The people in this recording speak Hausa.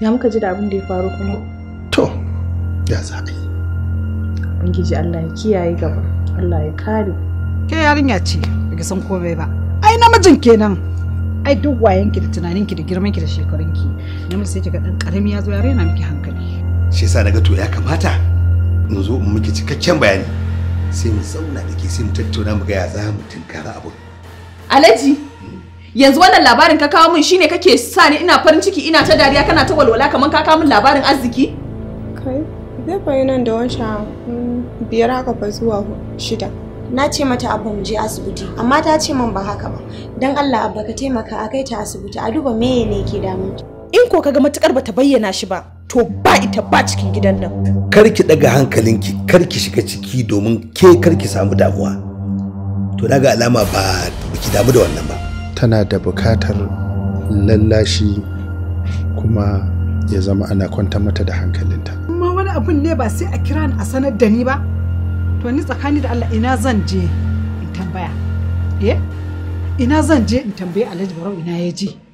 ya muka ji da abin da ya faru kuma to ya za a yi ubangiji allah ya kiyaye gaba allah ya kare ke yarinya ce baki san komai ba ai namijin kenan ai duk ki da tunaninki da ki da shekarunki namiji sai kiga dan karami ya zo ya raina miki hankali shi yasa naga to ya kamata in zo in miki cikakken bayani sai mu zauna da ke sai mu tattauna mu ga ya za mu tinkara abu alaji yanzu wannan labarin ka kawo min shine kake sa ni ina farin ciki ina ta dariya kana ta walwala kamar ka kawo min labarin arziki kai zai fa nan da wancha mm, biyar haka fa zuwa shida na ce mata abba mu je asibiti amma ta ce min ba haka ba dan Allah abba ka taimaka a kai ta asibiti a duba me ne ke damun in ko kaga matukar bata bayyana shi ba to ba ita ba cikin gidan nan kar ki daga hankalinki kar ki shiga ciki domin ke kar ki samu damuwa to daga alama ba ki damu da wannan ba tana da bukatar lallashi kuma ya zama ana kwanta mata da hankalinta amma wani abun ne ba sai a kira ni a sanar da ni ba to ni tsakani da Allah ina zan je in tambaya eh ina zan je in tambaye Alhaji Barau ina ya je